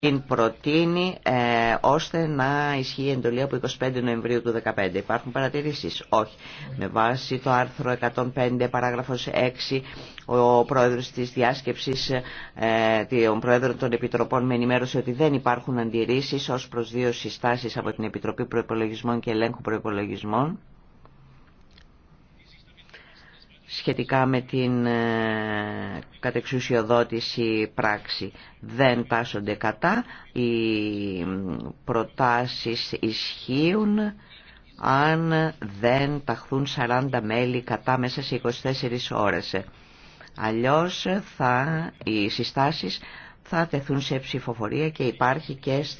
την προτείνει ε, ώστε να ισχύει η εντολή από 25 Νοεμβρίου του 2015. Υπάρχουν παρατηρήσεις. Όχι. Με βάση το άρθρο 105 παράγραφος 6 ο πρόεδρος της διάσκεψης ε, ο Πρόεδρος των επιτροπών με ενημέρωσε ότι δεν υπάρχουν αντιρρήσεις ως προς δύο συστάσεις από την Επιτροπή Προϋπολογισμών και Ελέγχου Προϋπολογισμών σχετικά με την ε, κατεξουσιοδότηση πράξη. Δεν τάσσονται κατά, οι προτάσεις ισχύουν αν δεν ταχθούν 40 μέλη κατά μέσα σε 24 ώρες. Αλλιώς θα, οι συστάσεις θα τεθούν σε ψηφοφορία και υπάρχει και